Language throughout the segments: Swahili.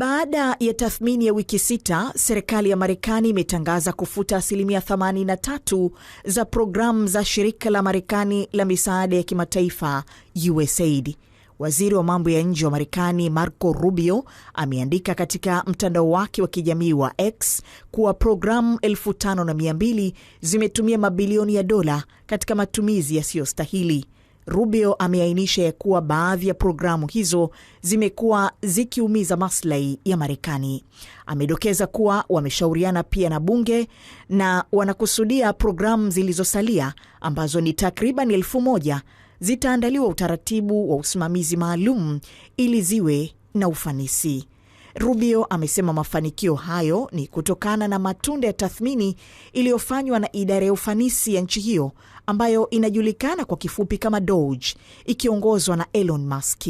Baada ya tathmini ya wiki sita, serikali ya Marekani imetangaza kufuta asilimia 83 za programu za shirika la Marekani la misaada ya kimataifa USAID. Waziri wa mambo ya nje wa Marekani Marco Rubio ameandika katika mtandao wake wa kijamii wa X kuwa programu 52 zimetumia mabilioni ya dola katika matumizi yasiyostahili. Rubio ameainisha ya kuwa baadhi ya programu hizo zimekuwa zikiumiza maslahi ya Marekani. Amedokeza kuwa wameshauriana pia na bunge na wanakusudia programu zilizosalia ambazo ni takriban elfu moja zitaandaliwa utaratibu wa usimamizi maalum ili ziwe na ufanisi. Rubio amesema mafanikio hayo ni kutokana na matunda ya tathmini iliyofanywa na idara ya ufanisi ya nchi hiyo ambayo inajulikana kwa kifupi kama DOGE ikiongozwa na Elon Musk.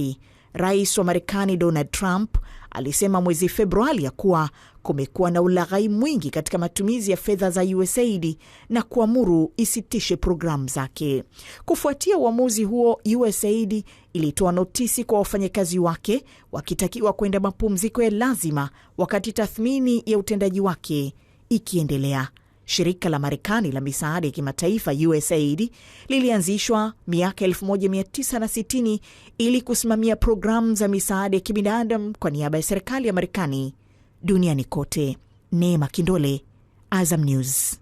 Rais wa Marekani Donald Trump alisema mwezi Februari ya kuwa kumekuwa na ulaghai mwingi katika matumizi ya fedha za USAID na kuamuru isitishe programu zake. Kufuatia uamuzi huo, USAID ilitoa notisi kwa wafanyakazi wake wakitakiwa kwenda mapumziko ya lazima wakati tathmini ya utendaji wake ikiendelea shirika la Marekani la misaada ya kimataifa USAID lilianzishwa miaka 1960 ili kusimamia programu za misaada ya kibinadamu kwa niaba ya serikali ya Marekani duniani kote. Neema Kindole, Azam News.